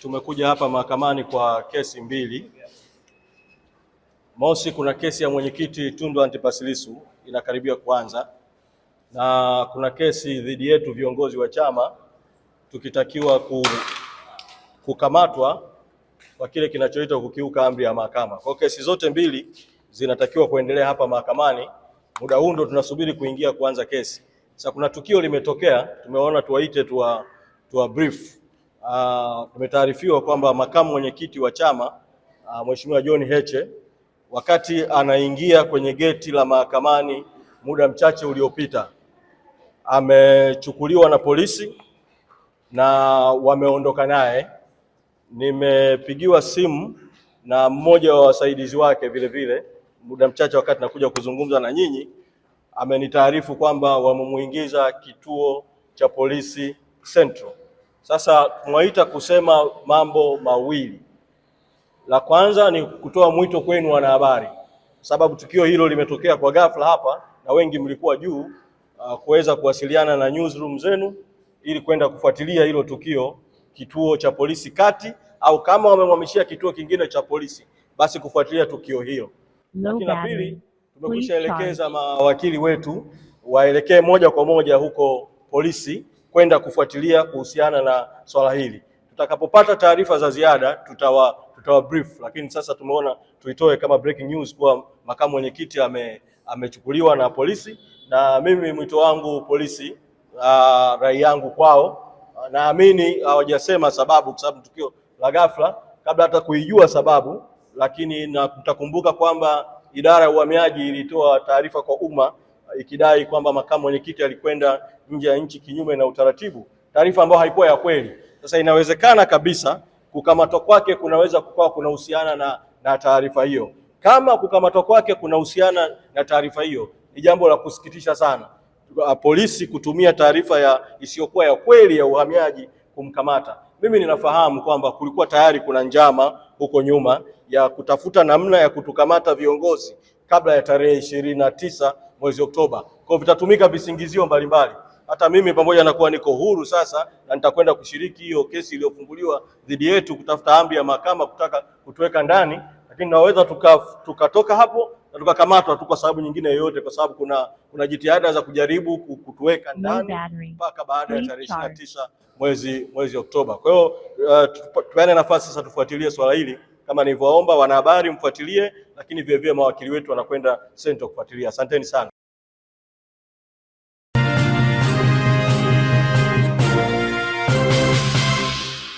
Tumekuja hapa mahakamani kwa kesi mbili. Mosi, kuna kesi ya mwenyekiti Tundu Antipas Lissu inakaribia kuanza, na kuna kesi dhidi yetu viongozi wa chama tukitakiwa ku, kukamatwa kwa kile kinachoitwa kukiuka amri ya mahakama. Kwa kesi zote mbili zinatakiwa kuendelea hapa mahakamani, muda huu ndo tunasubiri kuingia kuanza kesi. Sasa kuna tukio limetokea, tumeona tuwaite tuwa, tuwa brief Ah, tumetaarifiwa kwamba makamu mwenyekiti wa chama ah, Mheshimiwa John Heche wakati anaingia kwenye geti la mahakamani muda mchache uliopita amechukuliwa na polisi na wameondoka naye. Nimepigiwa simu na mmoja wa wasaidizi wake vile vile muda mchache wakati nakuja kuzungumza na nyinyi, amenitaarifu kwamba wamemuingiza kituo cha polisi Central. Sasa tumewaita kusema mambo mawili. La kwanza ni kutoa mwito kwenu wanahabari, sababu tukio hilo limetokea kwa ghafla hapa na wengi mlikuwa juu uh, kuweza kuwasiliana na newsroom zenu ili kwenda kufuatilia hilo tukio kituo cha polisi kati, au kama wamemhamishia kituo kingine cha polisi, basi kufuatilia tukio hilo. Lakini la pili, tumekwishaelekeza elekeza mawakili wetu waelekee moja kwa moja huko polisi kwenda kufuatilia kuhusiana na swala hili. Tutakapopata taarifa za ziada tutawa, tutawa brief, lakini sasa tumeona tuitoe kama breaking news kuwa makamu mwenyekiti ame, amechukuliwa na polisi, na mimi mwito wangu polisi, rai yangu kwao, naamini hawajasema sababu kwa sababu tukio la ghafla kabla hata kuijua sababu, lakini na mtakumbuka kwamba idara ya uhamiaji ilitoa taarifa kwa umma ikidai kwamba makamu mwenyekiti alikwenda nje ya nchi kinyume na utaratibu, taarifa ambayo haikuwa ya kweli. Sasa inawezekana kabisa kukamatwa kwake kunaweza kukawa kunahusiana na, na taarifa hiyo. Kama kukamatwa kwake kunahusiana na taarifa hiyo, ni jambo la kusikitisha sana ah, polisi kutumia taarifa ya isiyokuwa ya kweli ya uhamiaji kumkamata. Mimi ninafahamu kwamba kulikuwa tayari kuna njama huko nyuma ya kutafuta namna ya kutukamata viongozi kabla ya tarehe ishirini na tisa mwezi Oktoba. Kwa hiyo vitatumika visingizio mbalimbali. Hata mimi pamoja na kuwa niko huru sasa na nitakwenda kushiriki hiyo kesi iliyofunguliwa dhidi yetu kutafuta amri ya mahakama kutaka kutuweka ndani, lakini naweza tukatoka tuka hapo na tukakamatwa tu kwa sababu nyingine yoyote, kwa sababu kuna, kuna jitihada za kujaribu kutuweka ndani mpaka baada ya tarehe ishirini na tisa mwezi mwezi Oktoba. Kwa hiyo uh, tupeane nafasi sasa tufuatilie swala hili kama nilivyoomba wanahabari mfuatilie, lakini vilevile mawakili wetu wanakwenda sento kufuatilia. Asanteni sana.